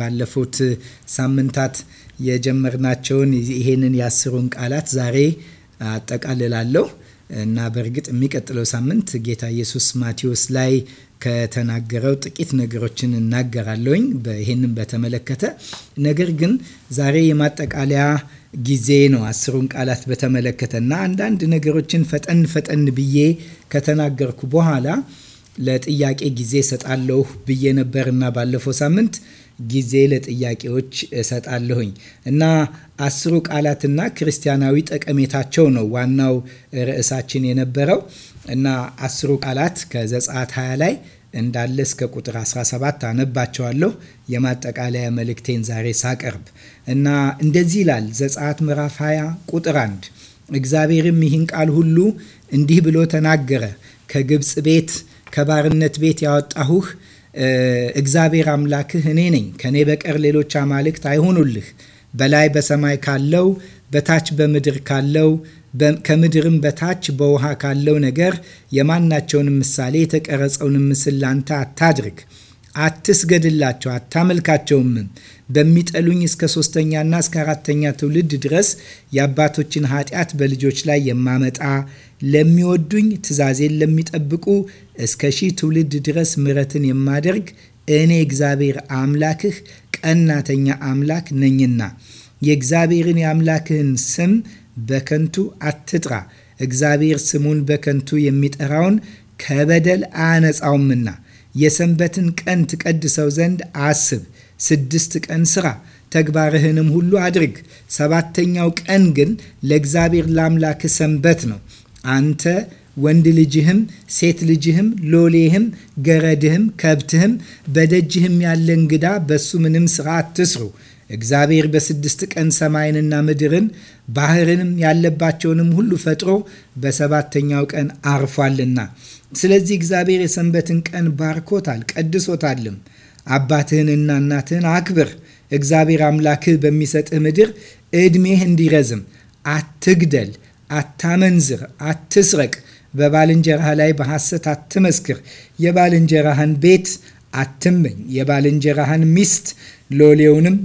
ባለፉት ሳምንታት የጀመርናቸውን ይሄንን የአስሩን ቃላት ዛሬ አጠቃልላለሁ እና በእርግጥ የሚቀጥለው ሳምንት ጌታ ኢየሱስ ማቴዎስ ላይ ከተናገረው ጥቂት ነገሮችን እናገራለሁኝ ይህንም በተመለከተ። ነገር ግን ዛሬ የማጠቃለያ ጊዜ ነው አስሩን ቃላት በተመለከተ እና አንዳንድ ነገሮችን ፈጠን ፈጠን ብዬ ከተናገርኩ በኋላ ለጥያቄ ጊዜ ሰጣለሁ ብዬ ነበር እና ባለፈው ሳምንት ጊዜ ለጥያቄዎች እሰጣለሁኝ እና አስሩ ቃላትና ክርስቲያናዊ ጠቀሜታቸው ነው ዋናው ርዕሳችን የነበረው እና አስሩ ቃላት ከዘጸአት 20 ላይ እንዳለ እስከ ቁጥር 17 አነባቸዋለሁ የማጠቃለያ መልእክቴን ዛሬ ሳቀርብ እና እንደዚህ ይላል ዘጸአት ምዕራፍ 20 ቁጥር 1 እግዚአብሔርም ይህን ቃል ሁሉ እንዲህ ብሎ ተናገረ ከግብፅ ቤት ከባርነት ቤት ያወጣሁህ እግዚአብሔር አምላክህ እኔ ነኝ፣ ከእኔ በቀር ሌሎች አማልክት አይሆኑልህ፣ በላይ በሰማይ ካለው በታች በምድር ካለው ከምድርም በታች በውሃ ካለው ነገር የማናቸውን ምሳሌ የተቀረጸውን ምስል ላንተ አታድርግ አትስገድላቸው፣ አታመልካቸውም። በሚጠሉኝ እስከ ሶስተኛና እስከ አራተኛ ትውልድ ድረስ የአባቶችን ኃጢአት በልጆች ላይ የማመጣ ለሚወዱኝ ትእዛዜን ለሚጠብቁ እስከ ሺህ ትውልድ ድረስ ምረትን የማደርግ እኔ እግዚአብሔር አምላክህ ቀናተኛ አምላክ ነኝና የእግዚአብሔርን የአምላክህን ስም በከንቱ አትጥራ። እግዚአብሔር ስሙን በከንቱ የሚጠራውን ከበደል አያነጻውምና የሰንበትን ቀን ትቀድሰው ዘንድ አስብ። ስድስት ቀን ስራ ተግባርህንም ሁሉ አድርግ። ሰባተኛው ቀን ግን ለእግዚአብሔር ላምላክ ሰንበት ነው። አንተ ወንድ ልጅህም ሴት ልጅህም ሎሌህም ገረድህም ከብትህም በደጅህም ያለ እንግዳ በሱ ምንም ስራ አትስሩ። እግዚአብሔር በስድስት ቀን ሰማይንና ምድርን ባህርንም ያለባቸውንም ሁሉ ፈጥሮ በሰባተኛው ቀን አርፏልና ስለዚህ እግዚአብሔር የሰንበትን ቀን ባርኮታል ቀድሶታልም። አባትህንና እናትህን አክብር፣ እግዚአብሔር አምላክህ በሚሰጥህ ምድር ዕድሜህ እንዲረዝም። አትግደል፣ አታመንዝር፣ አትስረቅ፣ በባልንጀራህ ላይ በሐሰት አትመስክር፣ የባልንጀራህን ቤት አትመኝ፣ የባልንጀራህን ሚስት ሎሌውንም፣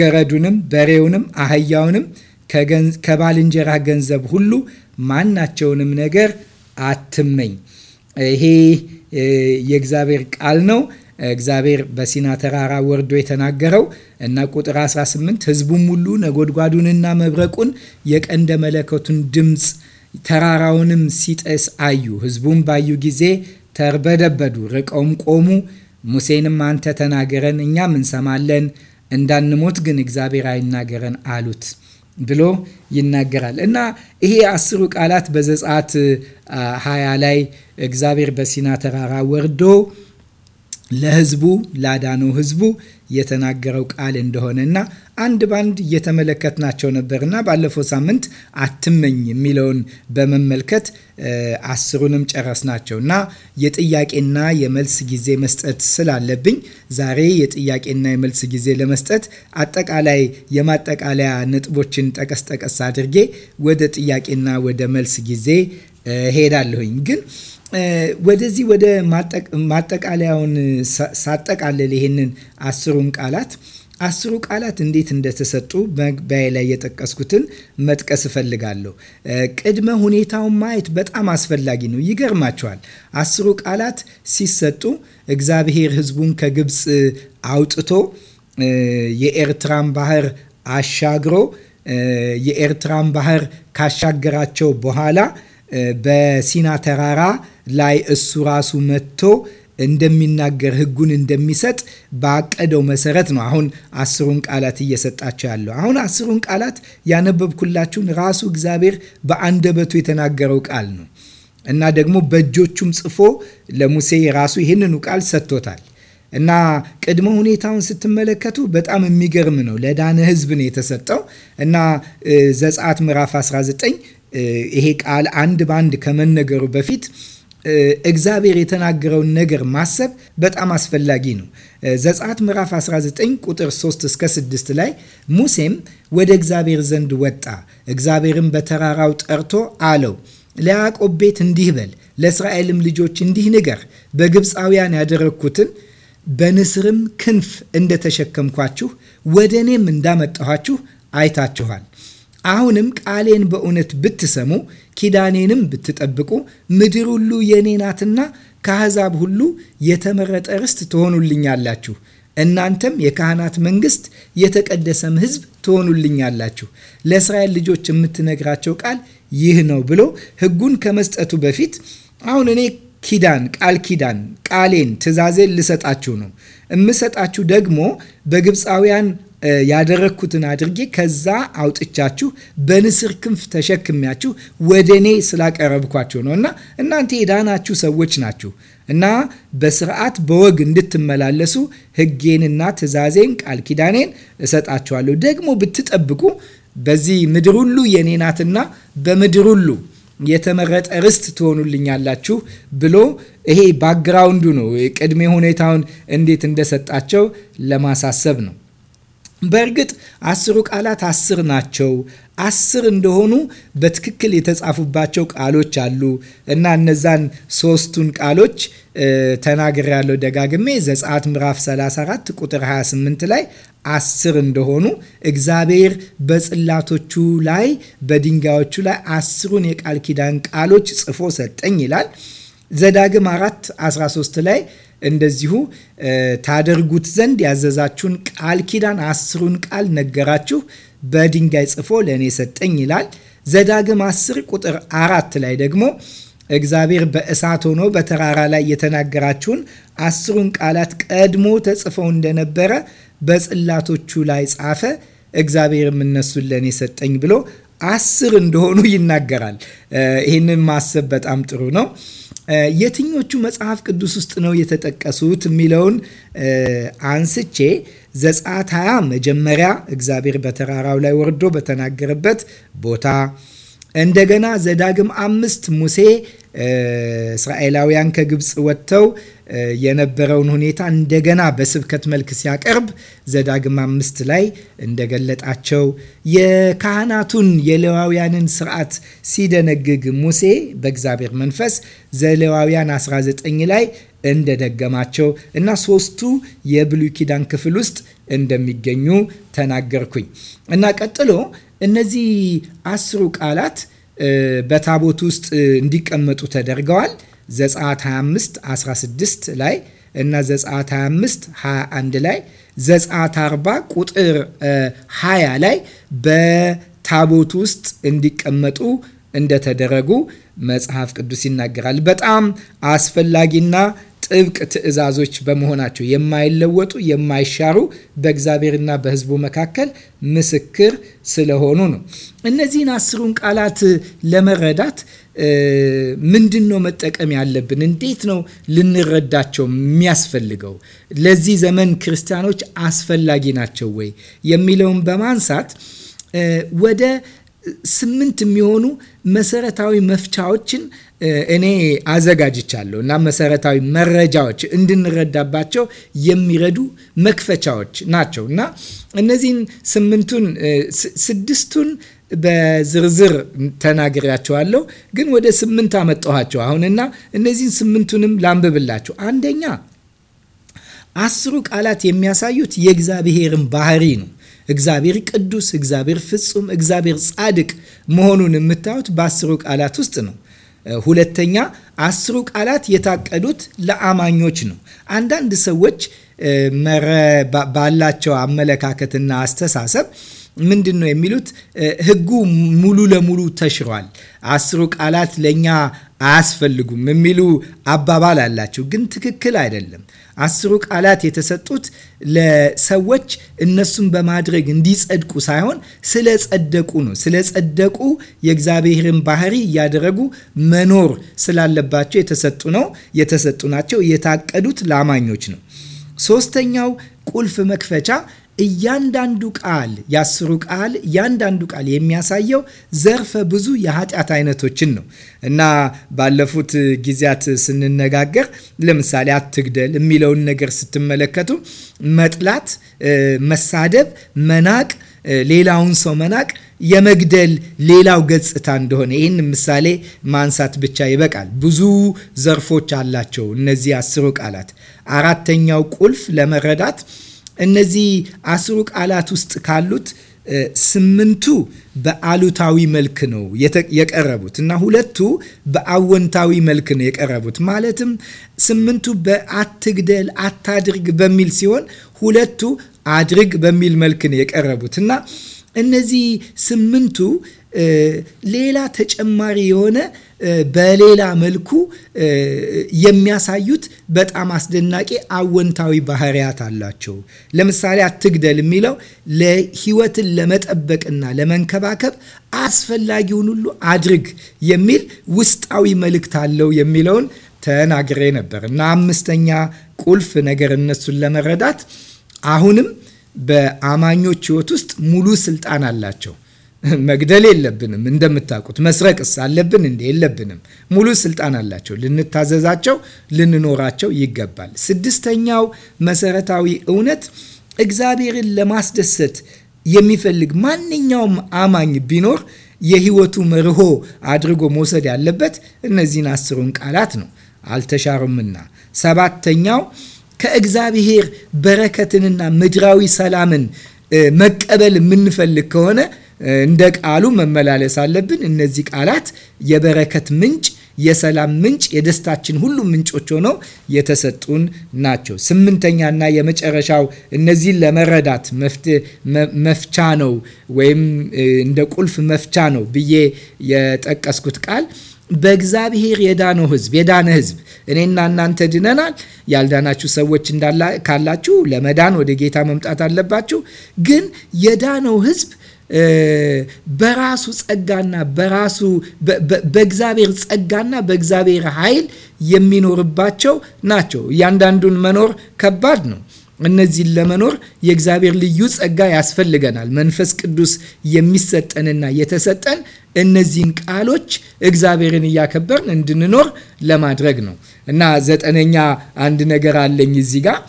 ገረዱንም፣ በሬውንም፣ አህያውንም ከባልንጀራህ ገንዘብ ሁሉ ማናቸውንም ነገር አትመኝ። ይሄ የእግዚአብሔር ቃል ነው። እግዚአብሔር በሲና ተራራ ወርዶ የተናገረው እና ቁጥር 18 ህዝቡም ሁሉ ነጎድጓዱንና መብረቁን የቀንደ መለከቱን ድምፅ ተራራውንም ሲጥስ አዩ። ህዝቡም ባዩ ጊዜ ተርበደበዱ፣ ርቀውም ቆሙ። ሙሴንም አንተ ተናገረን፣ እኛም እንሰማለን፣ እንዳንሞት ግን እግዚአብሔር አይናገረን አሉት። ብሎ ይናገራል እና ይሄ አስሩ ቃላት በዘጸአት 20 ላይ እግዚአብሔር በሲና ተራራ ወርዶ ለህዝቡ ላዳነው ህዝቡ የተናገረው ቃል እንደሆነና አንድ ባንድ እየተመለከትናቸው ነበርና ባለፈው ሳምንት አትመኝ የሚለውን በመመልከት አስሩንም ጨረስናቸው እና የጥያቄና የመልስ ጊዜ መስጠት ስላለብኝ ዛሬ የጥያቄና የመልስ ጊዜ ለመስጠት አጠቃላይ የማጠቃለያ ነጥቦችን ጠቀስ ጠቀስ አድርጌ ወደ ጥያቄና ወደ መልስ ጊዜ ሄዳለሁኝ ግን ወደዚህ ወደ ማጠቃለያውን ሳጠቃልል ይሄንን አስሩን ቃላት አስሩ ቃላት እንዴት እንደተሰጡ መግቢያ ላይ የጠቀስኩትን መጥቀስ እፈልጋለሁ። ቅድመ ሁኔታውን ማየት በጣም አስፈላጊ ነው። ይገርማቸዋል። አስሩ ቃላት ሲሰጡ እግዚአብሔር ሕዝቡን ከግብፅ አውጥቶ የኤርትራን ባህር አሻግሮ የኤርትራን ባህር ካሻገራቸው በኋላ በሲና ተራራ ላይ እሱ ራሱ መጥቶ እንደሚናገር ህጉን እንደሚሰጥ ባቀደው መሰረት ነው። አሁን አስሩን ቃላት እየሰጣቸው ያለው አሁን አስሩን ቃላት ያነበብኩላችሁን ራሱ እግዚአብሔር በአንደበቱ የተናገረው ቃል ነው እና ደግሞ በእጆቹም ጽፎ ለሙሴ ራሱ ይህንኑ ቃል ሰጥቶታል። እና ቅድመ ሁኔታውን ስትመለከቱ በጣም የሚገርም ነው። ለዳነ ህዝብ ነው የተሰጠው እና ዘጸአት ምዕራፍ 19 ይሄ ቃል አንድ በአንድ ከመነገሩ በፊት እግዚአብሔር የተናገረውን ነገር ማሰብ በጣም አስፈላጊ ነው። ዘጸአት ምዕራፍ 19 ቁጥር 3 እስከ 6 ላይ ሙሴም ወደ እግዚአብሔር ዘንድ ወጣ፣ እግዚአብሔርም በተራራው ጠርቶ አለው ለያዕቆብ ቤት እንዲህ በል፣ ለእስራኤልም ልጆች እንዲህ ንገር፣ በግብፃውያን ያደረግኩትን በንስርም ክንፍ እንደተሸከምኳችሁ ወደ እኔም እንዳመጣኋችሁ አይታችኋል። አሁንም ቃሌን በእውነት ብትሰሙ ኪዳኔንም ብትጠብቁ ምድር ሁሉ የእኔ ናትና ከአሕዛብ ሁሉ የተመረጠ ርስት ትሆኑልኛላችሁ። እናንተም የካህናት መንግስት፣ የተቀደሰም ሕዝብ ትሆኑልኛላችሁ። ለእስራኤል ልጆች የምትነግራቸው ቃል ይህ ነው ብሎ ሕጉን ከመስጠቱ በፊት አሁን እኔ ኪዳን ቃል ኪዳን ቃሌን ትእዛዜን ልሰጣችሁ ነው። የምሰጣችሁ ደግሞ በግብፃውያን ያደረግኩትን አድርጌ ከዛ አውጥቻችሁ በንስር ክንፍ ተሸክሚያችሁ ወደ እኔ ስላቀረብኳቸው ነው እና እናንተ የዳናችሁ ሰዎች ናችሁ እና በስርዓት በወግ እንድትመላለሱ ሕጌንና ትእዛዜን ቃል ኪዳኔን እሰጣችኋለሁ። ደግሞ ብትጠብቁ በዚህ ምድር ሁሉ የኔ ናትና በምድር ሁሉ የተመረጠ ርስት ትሆኑልኛላችሁ ብሎ ይሄ ባክግራውንዱ ነው። ቅድሜ ሁኔታውን እንዴት እንደሰጣቸው ለማሳሰብ ነው። በእርግጥ አስሩ ቃላት አስር ናቸው። አስር እንደሆኑ በትክክል የተጻፉባቸው ቃሎች አሉ እና እነዛን ሶስቱን ቃሎች ያለው ደጋግሜ ዘጸአት ምዕራፍ 34 ቁጥር 28 ላይ አስር እንደሆኑ እግዚአብሔር በጽላቶቹ ላይ በድንጋዮቹ ላይ አስሩን የቃል ኪዳን ቃሎች ጽፎ ሰጠኝ ይላል። ዘዳግም 4 13 ላይ እንደዚሁ ታደርጉት ዘንድ ያዘዛችሁን ቃል ኪዳን አስሩን ቃል ነገራችሁ በድንጋይ ጽፎ ለእኔ ሰጠኝ ይላል። ዘዳግም አስር ቁጥር አራት ላይ ደግሞ እግዚአብሔር በእሳት ሆኖ በተራራ ላይ የተናገራችሁን አስሩን ቃላት ቀድሞ ተጽፈው እንደነበረ በጽላቶቹ ላይ ጻፈ፣ እግዚአብሔርም እነሱን ለእኔ ሰጠኝ ብሎ አስር እንደሆኑ ይናገራል። ይህንን ማሰብ በጣም ጥሩ ነው። የትኞቹ መጽሐፍ ቅዱስ ውስጥ ነው የተጠቀሱት የሚለውን አንስቼ ዘጸአት 20 መጀመሪያ እግዚአብሔር በተራራው ላይ ወርዶ በተናገረበት ቦታ እንደገና ዘዳግም አምስት ሙሴ እስራኤላውያን ከግብፅ ወጥተው የነበረውን ሁኔታ እንደገና በስብከት መልክ ሲያቀርብ ዘዳግም አምስት ላይ እንደገለጣቸው የካህናቱን የሌዋውያንን ስርዓት ሲደነግግ ሙሴ በእግዚአብሔር መንፈስ ዘሌዋውያን 19 ላይ እንደደገማቸው እና ሶስቱ የብሉይ ኪዳን ክፍል ውስጥ እንደሚገኙ ተናገርኩኝ እና ቀጥሎ እነዚህ አስሩ ቃላት በታቦት ውስጥ እንዲቀመጡ ተደርገዋል። ዘጸአት 25 16 ላይ እና ዘጸአት 25 21 ላይ ዘጸአት 40 ቁጥር 20 ላይ በታቦት ውስጥ እንዲቀመጡ እንደተደረጉ መጽሐፍ ቅዱስ ይናገራል። በጣም አስፈላጊና ጥብቅ ትእዛዞች በመሆናቸው የማይለወጡ የማይሻሩ በእግዚአብሔርና በሕዝቡ መካከል ምስክር ስለሆኑ ነው። እነዚህን አስሩን ቃላት ለመረዳት ምንድን ነው መጠቀም ያለብን? እንዴት ነው ልንረዳቸው የሚያስፈልገው? ለዚህ ዘመን ክርስቲያኖች አስፈላጊ ናቸው ወይ የሚለውን በማንሳት ወደ ስምንት የሚሆኑ መሰረታዊ መፍቻዎችን እኔ አዘጋጅቻለሁ እና መሰረታዊ መረጃዎች እንድንረዳባቸው የሚረዱ መክፈቻዎች ናቸው እና እነዚህን ስምንቱን ስድስቱን በዝርዝር ተናግሬያቸዋለሁ፣ ግን ወደ ስምንት አመጣኋቸው አሁንና እነዚህን ስምንቱንም ላንብብላችሁ። አንደኛ አስሩ ቃላት የሚያሳዩት የእግዚአብሔርን ባህሪ ነው። እግዚአብሔር ቅዱስ፣ እግዚአብሔር ፍጹም፣ እግዚአብሔር ጻድቅ መሆኑን የምታዩት በአስሩ ቃላት ውስጥ ነው። ሁለተኛ አስሩ ቃላት የታቀዱት ለአማኞች ነው። አንዳንድ ሰዎች ባላቸው አመለካከትና አስተሳሰብ ምንድን ነው የሚሉት? ህጉ ሙሉ ለሙሉ ተሽሯል፣ አስሩ ቃላት ለእኛ አያስፈልጉም የሚሉ አባባል አላቸው። ግን ትክክል አይደለም። አስሩ ቃላት የተሰጡት ለሰዎች እነሱን በማድረግ እንዲጸድቁ ሳይሆን ስለጸደቁ ነው። ስለጸደቁ የእግዚአብሔርን ባህሪ እያደረጉ መኖር ስላለባቸው የተሰጡ ነው የተሰጡ ናቸው። የታቀዱት ለአማኞች ነው። ሶስተኛው ቁልፍ መክፈቻ እያንዳንዱ ቃል የአስሩ ቃል እያንዳንዱ ቃል የሚያሳየው ዘርፈ ብዙ የኃጢአት አይነቶችን ነው እና ባለፉት ጊዜያት ስንነጋገር ለምሳሌ አትግደል የሚለውን ነገር ስትመለከቱ መጥላት፣ መሳደብ፣ መናቅ ሌላውን ሰው መናቅ የመግደል ሌላው ገጽታ እንደሆነ ይህን ምሳሌ ማንሳት ብቻ ይበቃል። ብዙ ዘርፎች አላቸው እነዚህ አስሩ ቃላት። አራተኛው ቁልፍ ለመረዳት እነዚህ አስሩ ቃላት ውስጥ ካሉት ስምንቱ በአሉታዊ መልክ ነው የቀረቡት እና ሁለቱ በአወንታዊ መልክ ነው የቀረቡት። ማለትም ስምንቱ በአትግደል፣ አታድርግ በሚል ሲሆን ሁለቱ አድርግ በሚል መልክ ነው የቀረቡት እና እነዚህ ስምንቱ ሌላ ተጨማሪ የሆነ በሌላ መልኩ የሚያሳዩት በጣም አስደናቂ አወንታዊ ባህሪያት አላቸው። ለምሳሌ አትግደል የሚለው ለሕይወትን ለመጠበቅና ለመንከባከብ አስፈላጊውን ሁሉ አድርግ የሚል ውስጣዊ መልእክት አለው የሚለውን ተናግሬ ነበር እና አምስተኛ ቁልፍ ነገር እነሱን ለመረዳት አሁንም በአማኞች ሕይወት ውስጥ ሙሉ ስልጣን አላቸው መግደል የለብንም። እንደምታውቁት መስረቅስ አለብን እንዴ? የለብንም። ሙሉ ስልጣን አላቸው። ልንታዘዛቸው፣ ልንኖራቸው ይገባል። ስድስተኛው መሰረታዊ እውነት እግዚአብሔርን ለማስደሰት የሚፈልግ ማንኛውም አማኝ ቢኖር የህይወቱ መርሆ አድርጎ መውሰድ ያለበት እነዚህን አስሩን ቃላት ነው፣ አልተሻሩምና። ሰባተኛው ከእግዚአብሔር በረከትንና ምድራዊ ሰላምን መቀበል የምንፈልግ ከሆነ እንደ ቃሉ መመላለስ አለብን። እነዚህ ቃላት የበረከት ምንጭ፣ የሰላም ምንጭ፣ የደስታችን ሁሉ ምንጮች ሆነው የተሰጡን ናቸው። ስምንተኛና የመጨረሻው እነዚህን ለመረዳት መፍቻ ነው ወይም እንደ ቁልፍ መፍቻ ነው ብዬ የጠቀስኩት ቃል በእግዚአብሔር የዳነው ህዝብ የዳነ ህዝብ እኔና እናንተ ድነናል። ያልዳናችሁ ሰዎች ካላችሁ ለመዳን ወደ ጌታ መምጣት አለባችሁ። ግን የዳነው ህዝብ በራሱ ጸጋና በራሱ በእግዚአብሔር ጸጋና በእግዚአብሔር ኃይል የሚኖርባቸው ናቸው። እያንዳንዱን መኖር ከባድ ነው። እነዚህን ለመኖር የእግዚአብሔር ልዩ ጸጋ ያስፈልገናል። መንፈስ ቅዱስ የሚሰጠንና የተሰጠን እነዚህን ቃሎች እግዚአብሔርን እያከበርን እንድንኖር ለማድረግ ነው እና ዘጠነኛ አንድ ነገር አለኝ እዚህ ጋር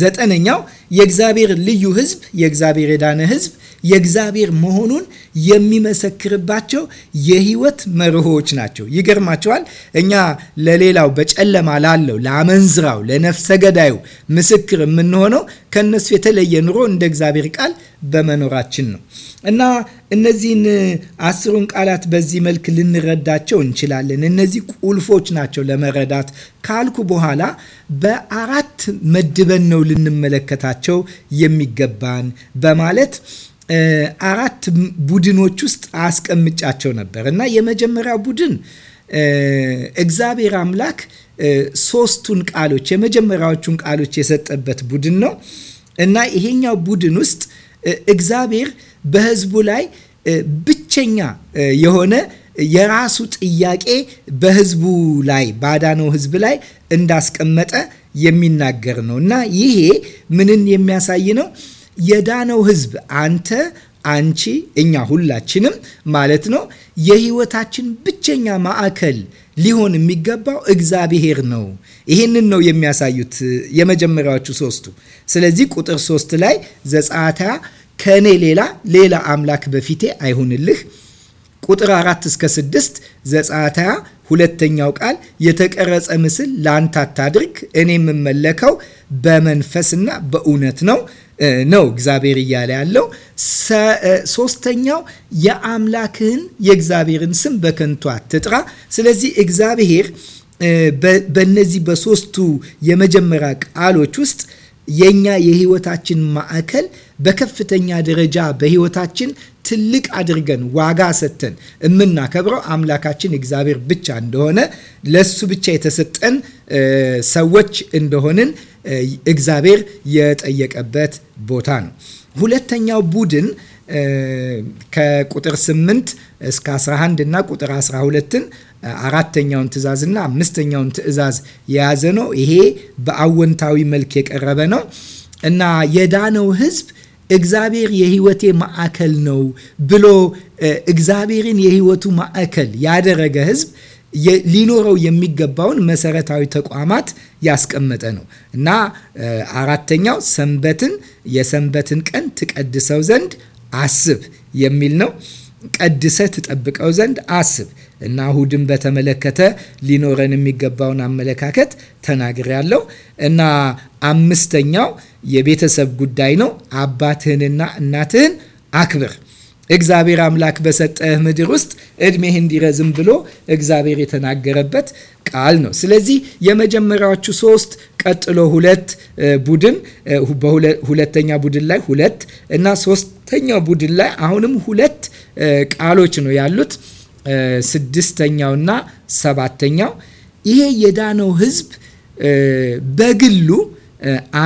ዘጠነኛው የእግዚአብሔር ልዩ ህዝብ የእግዚአብሔር የዳነ ህዝብ የእግዚአብሔር መሆኑን የሚመሰክርባቸው የህይወት መርሆዎች ናቸው። ይገርማቸዋል። እኛ ለሌላው በጨለማ ላለው፣ ለአመንዝራው፣ ለነፍሰ ገዳዩ ምስክር የምንሆነው ከእነሱ የተለየ ኑሮ እንደ እግዚአብሔር ቃል በመኖራችን ነው እና እነዚህን አስሩን ቃላት በዚህ መልክ ልንረዳቸው እንችላለን። እነዚህ ቁልፎች ናቸው ለመረዳት ካልኩ በኋላ በአራት መድበን ነው ልንመለከታቸው ልንሰጣቸው የሚገባን በማለት አራት ቡድኖች ውስጥ አስቀምጫቸው ነበር እና የመጀመሪያው ቡድን እግዚአብሔር አምላክ ሶስቱን ቃሎች የመጀመሪያዎቹን ቃሎች የሰጠበት ቡድን ነው እና ይሄኛው ቡድን ውስጥ እግዚአብሔር በሕዝቡ ላይ ብቸኛ የሆነ የራሱ ጥያቄ በሕዝቡ ላይ ባዳነው ሕዝብ ላይ እንዳስቀመጠ የሚናገር ነው እና ይሄ ምንን የሚያሳይ ነው? የዳነው ህዝብ አንተ፣ አንቺ፣ እኛ ሁላችንም ማለት ነው የህይወታችን ብቸኛ ማዕከል ሊሆን የሚገባው እግዚአብሔር ነው። ይህንን ነው የሚያሳዩት የመጀመሪያዎቹ ሶስቱ። ስለዚህ ቁጥር ሶስት ላይ ዘጸአት ከእኔ ሌላ ሌላ አምላክ በፊቴ አይሁንልህ። ቁጥር አራት እስከ ስድስት ዘጸአት ሁለተኛው ቃል የተቀረጸ ምስል ለአንተ አታድርግ፣ እኔ የምመለከው በመንፈስና በእውነት ነው ነው እግዚአብሔር እያለ ያለው። ሶስተኛው የአምላክህን የእግዚአብሔርን ስም በከንቱ አትጥራ። ስለዚህ እግዚአብሔር በእነዚህ በሶስቱ የመጀመሪያ ቃሎች ውስጥ የኛ የህይወታችን ማዕከል በከፍተኛ ደረጃ በህይወታችን ትልቅ አድርገን ዋጋ ሰጥተን የምናከብረው አምላካችን እግዚአብሔር ብቻ እንደሆነ ለሱ ብቻ የተሰጠን ሰዎች እንደሆንን እግዚአብሔር የጠየቀበት ቦታ ነው። ሁለተኛው ቡድን ከቁጥር 8 እስከ 11 እና ቁጥር 12ን አራተኛውን ትእዛዝና አምስተኛውን ትእዛዝ የያዘ ነው። ይሄ በአወንታዊ መልክ የቀረበ ነው እና የዳነው ህዝብ እግዚአብሔር የህይወቴ ማዕከል ነው ብሎ እግዚአብሔርን የህይወቱ ማዕከል ያደረገ ህዝብ ሊኖረው የሚገባውን መሰረታዊ ተቋማት ያስቀመጠ ነው እና አራተኛው ሰንበትን የሰንበትን ቀን ትቀድሰው ዘንድ አስብ የሚል ነው። ቀድሰ ትጠብቀው ዘንድ አስብ። እና እሁድን በተመለከተ ሊኖረን የሚገባውን አመለካከት ተናግሬያለሁ። እና አምስተኛው የቤተሰብ ጉዳይ ነው። አባትህንና እናትህን አክብር። እግዚአብሔር አምላክ በሰጠህ ምድር ውስጥ እድሜህ እንዲረዝም ብሎ እግዚአብሔር የተናገረበት ቃል ነው። ስለዚህ የመጀመሪያዎቹ ሶስት ቀጥሎ ሁለት ቡድን በሁለተኛ ቡድን ላይ ሁለት እና ሶስተኛው ቡድን ላይ አሁንም ሁለት ቃሎች ነው ያሉት። ስድስተኛውና ሰባተኛው ይሄ የዳነው ህዝብ በግሉ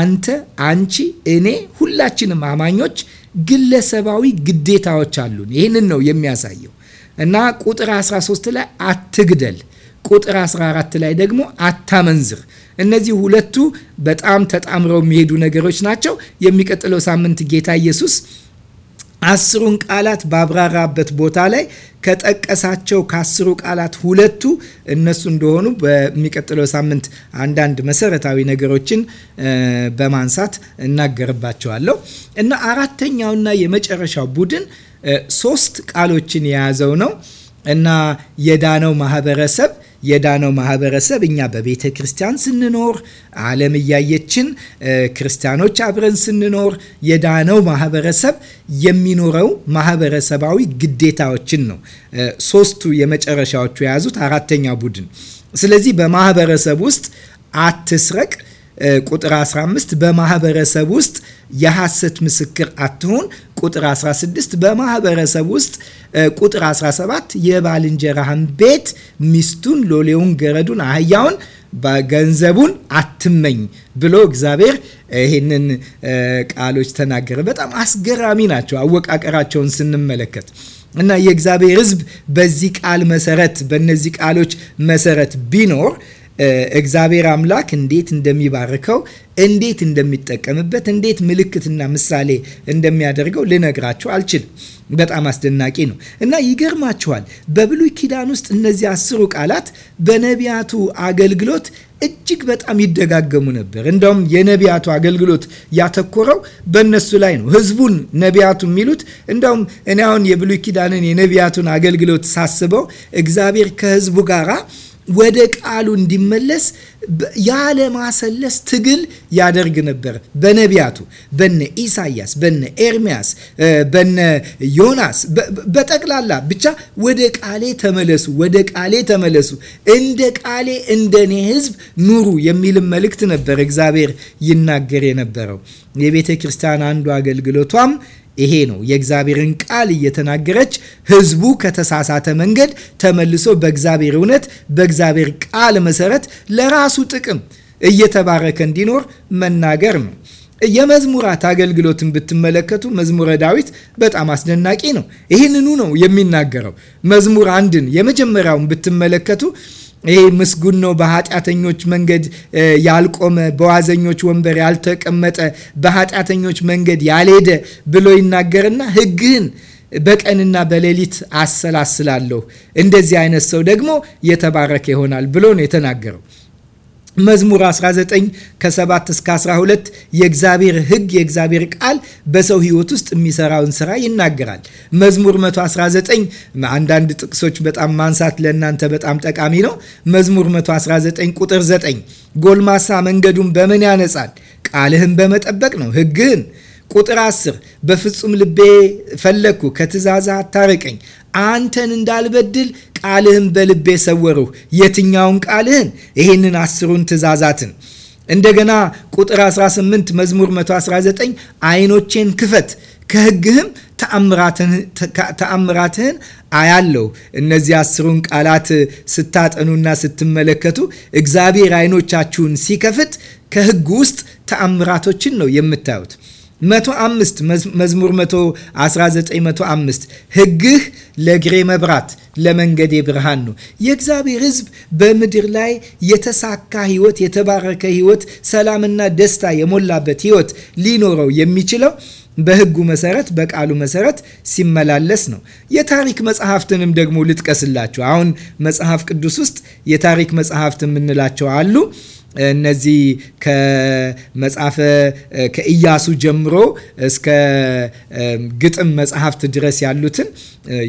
አንተ፣ አንቺ፣ እኔ ሁላችንም አማኞች ግለሰባዊ ግዴታዎች አሉን። ይህንን ነው የሚያሳየው እና ቁጥር 13 ላይ አትግደል፣ ቁጥር 14 ላይ ደግሞ አታመንዝር። እነዚህ ሁለቱ በጣም ተጣምረው የሚሄዱ ነገሮች ናቸው። የሚቀጥለው ሳምንት ጌታ ኢየሱስ አስሩን ቃላት ባብራራበት ቦታ ላይ ከጠቀሳቸው ከአስሩ ቃላት ሁለቱ እነሱ እንደሆኑ በሚቀጥለው ሳምንት አንዳንድ መሰረታዊ ነገሮችን በማንሳት እናገርባቸዋለሁ እና አራተኛውና የመጨረሻው ቡድን ሶስት ቃሎችን የያዘው ነው እና የዳነው ማህበረሰብ የዳነው ማህበረሰብ እኛ በቤተ ክርስቲያን ስንኖር፣ ዓለም እያየችን ክርስቲያኖች አብረን ስንኖር የዳነው ማህበረሰብ የሚኖረው ማህበረሰባዊ ግዴታዎችን ነው። ሶስቱ የመጨረሻዎቹ የያዙት አራተኛ ቡድን። ስለዚህ በማህበረሰብ ውስጥ አትስረቅ፣ ቁጥር 15 በማህበረሰብ ውስጥ የሐሰት ምስክር አትሁን። ቁጥር 16 በማህበረሰብ ውስጥ ቁጥር 17 የባልንጀራህን ቤት ሚስቱን፣ ሎሌውን፣ ገረዱን፣ አህያውን ገንዘቡን አትመኝ ብሎ እግዚአብሔር ይህንን ቃሎች ተናገረ። በጣም አስገራሚ ናቸው አወቃቀራቸውን ስንመለከት እና የእግዚአብሔር ሕዝብ በዚህ ቃል መሰረት በእነዚህ ቃሎች መሰረት ቢኖር እግዚአብሔር አምላክ እንዴት እንደሚባርከው እንዴት እንደሚጠቀምበት እንዴት ምልክትና ምሳሌ እንደሚያደርገው ልነግራችሁ አልችልም። በጣም አስደናቂ ነው እና ይገርማችኋል። በብሉይ ኪዳን ውስጥ እነዚህ አስሩ ቃላት በነቢያቱ አገልግሎት እጅግ በጣም ይደጋገሙ ነበር። እንደውም የነቢያቱ አገልግሎት ያተኮረው በእነሱ ላይ ነው። ህዝቡን ነቢያቱ የሚሉት እንደውም እኔ አሁን የብሉይ ኪዳንን የነቢያቱን አገልግሎት ሳስበው እግዚአብሔር ከህዝቡ ጋራ ወደ ቃሉ እንዲመለስ ያለማሰለስ ትግል ያደርግ ነበር። በነቢያቱ በነ ኢሳያስ፣ በነ ኤርሚያስ፣ በነ ዮናስ በጠቅላላ ብቻ ወደ ቃሌ ተመለሱ፣ ወደ ቃሌ ተመለሱ፣ እንደ ቃሌ እንደ እኔ ሕዝብ ኑሩ የሚልም መልእክት ነበር እግዚአብሔር ይናገር የነበረው። የቤተ ክርስቲያን አንዱ አገልግሎቷም ይሄ ነው የእግዚአብሔርን ቃል እየተናገረች ህዝቡ ከተሳሳተ መንገድ ተመልሶ በእግዚአብሔር እውነት በእግዚአብሔር ቃል መሰረት ለራሱ ጥቅም እየተባረከ እንዲኖር መናገር ነው። የመዝሙራት አገልግሎትን ብትመለከቱ መዝሙረ ዳዊት በጣም አስደናቂ ነው። ይህንኑ ነው የሚናገረው። መዝሙር አንድን የመጀመሪያውን ብትመለከቱ ይሄ ምስጉን ነው በኃጢአተኞች መንገድ ያልቆመ በዋዘኞች ወንበር ያልተቀመጠ በኃጢአተኞች መንገድ ያልሄደ ብሎ ይናገርና ህግህን በቀንና በሌሊት አሰላስላለሁ፣ እንደዚህ አይነት ሰው ደግሞ የተባረከ ይሆናል ብሎ ነው የተናገረው። መዝሙር 19 ከ7 እስከ 12 የእግዚአብሔር ሕግ የእግዚአብሔር ቃል በሰው ሕይወት ውስጥ የሚሰራውን ስራ ይናገራል። መዝሙር 119 አንዳንድ ጥቅሶች በጣም ማንሳት ለእናንተ በጣም ጠቃሚ ነው። መዝሙር 119 ቁጥር 9 ጎልማሳ መንገዱን በምን ያነጻል? ቃልህን በመጠበቅ ነው ሕግህን ቁጥር 10 በፍጹም ልቤ ፈለግኩ ከትእዛዝህ አታርቀኝ አንተን እንዳልበድል ቃልህን በልቤ ሰወርሁ። የትኛውን ቃልህን? ይህንን አስሩን ትእዛዛትን። እንደገና ቁጥር 18 መዝሙር 119 አይኖቼን ክፈት ከህግህም ተአምራትህን አያለው። እነዚህ አስሩን ቃላት ስታጠኑና ስትመለከቱ እግዚአብሔር አይኖቻችሁን ሲከፍት ከህግ ውስጥ ተአምራቶችን ነው የምታዩት። መቶ አምስት መዝሙር መቶ መቶ አምስት ህግህ ለእግሬ መብራት ለመንገዴ ብርሃን ነው። የእግዚአብሔር ህዝብ በምድር ላይ የተሳካ ህይወት፣ የተባረከ ህይወት፣ ሰላምና ደስታ የሞላበት ህይወት ሊኖረው የሚችለው በህጉ መሰረት በቃሉ መሰረት ሲመላለስ ነው። የታሪክ መጽሐፍትንም ደግሞ ልጥቀስላችሁ። አሁን መጽሐፍ ቅዱስ ውስጥ የታሪክ መጽሐፍት የምንላቸው አሉ እነዚህ ከመጽሐፈ ከኢያሱ ጀምሮ እስከ ግጥም መጽሐፍት ድረስ ያሉትን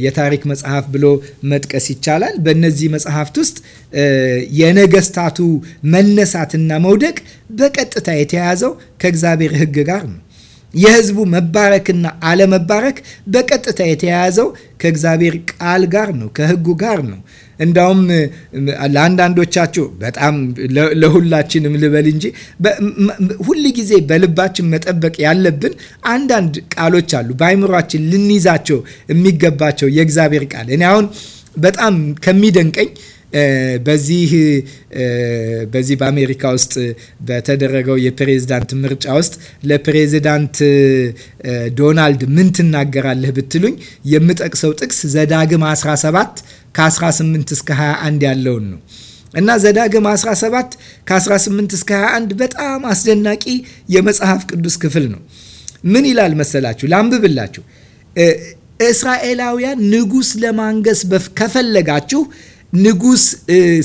የታሪክ መጽሐፍ ብሎ መጥቀስ ይቻላል። በእነዚህ መጽሐፍት ውስጥ የነገስታቱ መነሳትና መውደቅ በቀጥታ የተያያዘው ከእግዚአብሔር ሕግ ጋር ነው። የህዝቡ መባረክና አለመባረክ በቀጥታ የተያያዘው ከእግዚአብሔር ቃል ጋር ነው፣ ከህጉ ጋር ነው። እንዳውም ለአንዳንዶቻችሁ በጣም ለሁላችንም ልበል እንጂ ሁል ጊዜ በልባችን መጠበቅ ያለብን አንዳንድ ቃሎች አሉ፣ በአይምሯችን ልንይዛቸው የሚገባቸው የእግዚአብሔር ቃል። እኔ አሁን በጣም ከሚደንቀኝ በዚህ በዚህ በአሜሪካ ውስጥ በተደረገው የፕሬዝዳንት ምርጫ ውስጥ ለፕሬዝዳንት ዶናልድ ምን ትናገራለህ ብትሉኝ የምጠቅሰው ጥቅስ ዘዳግም 17 ከ18 እስከ 21 ያለውን ነው እና ዘዳግም 17 ከ18 እስከ 21 በጣም አስደናቂ የመጽሐፍ ቅዱስ ክፍል ነው። ምን ይላል መሰላችሁ? ላንብብላችሁ። እስራኤላውያን ንጉስ ለማንገስ ከፈለጋችሁ ንጉስ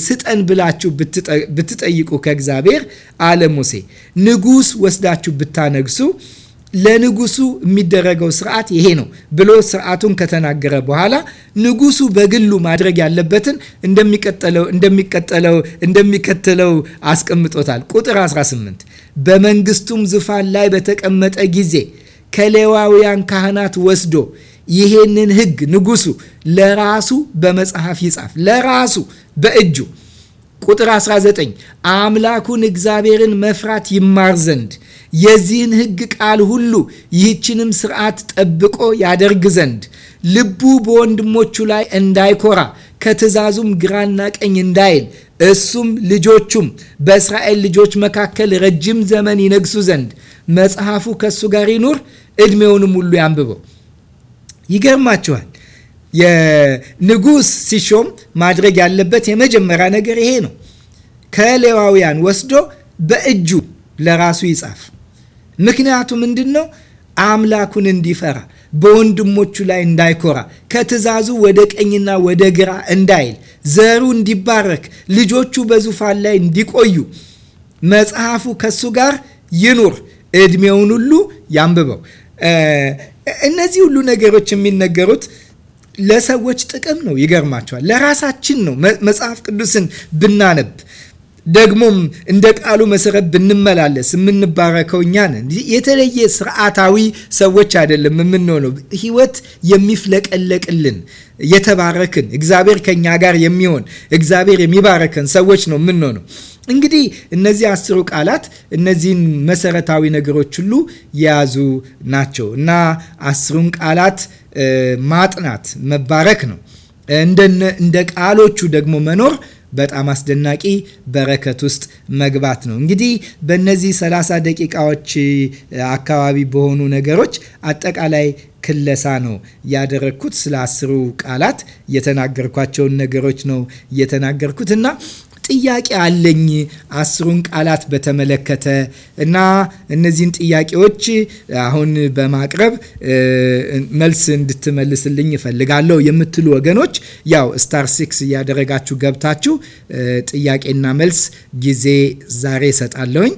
ስጠን ብላችሁ ብትጠይቁ ከእግዚአብሔር አለ ሙሴ ንጉስ ወስዳችሁ ብታነግሱ ለንጉሱ የሚደረገው ስርዓት ይሄ ነው ብሎ ስርዓቱን ከተናገረ በኋላ ንጉሱ በግሉ ማድረግ ያለበትን እንደሚቀጠለው እንደሚቀጠለው እንደሚከተለው አስቀምጦታል። ቁጥር 18 በመንግስቱም ዙፋን ላይ በተቀመጠ ጊዜ ከሌዋውያን ካህናት ወስዶ ይሄንን ህግ ንጉሱ ለራሱ በመጽሐፍ ይጻፍ ለራሱ በእጁ ቁጥር 19 አምላኩን እግዚአብሔርን መፍራት ይማር ዘንድ የዚህን ሕግ ቃል ሁሉ ይህችንም ስርዓት ጠብቆ ያደርግ ዘንድ ልቡ በወንድሞቹ ላይ እንዳይኮራ ከትእዛዙም ግራና ቀኝ እንዳይል እሱም ልጆቹም በእስራኤል ልጆች መካከል ረጅም ዘመን ይነግሱ ዘንድ መጽሐፉ ከእሱ ጋር ይኑር፣ ዕድሜውንም ሁሉ ያንብበው። ይገርማችኋል የንጉስ ሲሾም ማድረግ ያለበት የመጀመሪያ ነገር ይሄ ነው። ከሌዋውያን ወስዶ በእጁ ለራሱ ይጻፍ። ምክንያቱ ምንድን ነው? አምላኩን እንዲፈራ በወንድሞቹ ላይ እንዳይኮራ ከትእዛዙ ወደ ቀኝና ወደ ግራ እንዳይል ዘሩ እንዲባረክ ልጆቹ በዙፋን ላይ እንዲቆዩ መጽሐፉ ከሱ ጋር ይኑር ዕድሜውን ሁሉ ያንብበው። እነዚህ ሁሉ ነገሮች የሚነገሩት ለሰዎች ጥቅም ነው። ይገርማቸዋል። ለራሳችን ነው። መጽሐፍ ቅዱስን ብናነብ ደግሞም እንደ ቃሉ መሰረት ብንመላለስ የምንባረከው እኛ ነን። የተለየ ስርዓታዊ ሰዎች አይደለም የምንሆነው። ህይወት የሚፍለቀለቅልን የተባረክን እግዚአብሔር ከኛ ጋር የሚሆን እግዚአብሔር የሚባረከን ሰዎች ነው የምንሆነው። እንግዲህ እነዚህ አስሩ ቃላት እነዚህን መሰረታዊ ነገሮች ሁሉ የያዙ ናቸው እና አስሩን ቃላት ማጥናት መባረክ ነው። እንደ ቃሎቹ ደግሞ መኖር በጣም አስደናቂ በረከት ውስጥ መግባት ነው። እንግዲህ በእነዚህ 30 ደቂቃዎች አካባቢ በሆኑ ነገሮች አጠቃላይ ክለሳ ነው ያደረግኩት። ስለ አስሩ ቃላት የተናገርኳቸውን ነገሮች ነው የተናገርኩት እና ጥያቄ አለኝ አስሩን ቃላት በተመለከተ እና እነዚህን ጥያቄዎች አሁን በማቅረብ መልስ እንድትመልስልኝ እፈልጋለሁ የምትሉ ወገኖች ያው ስታር ሲክስ እያደረጋችሁ ገብታችሁ ጥያቄና መልስ ጊዜ ዛሬ እሰጣለሁኝ።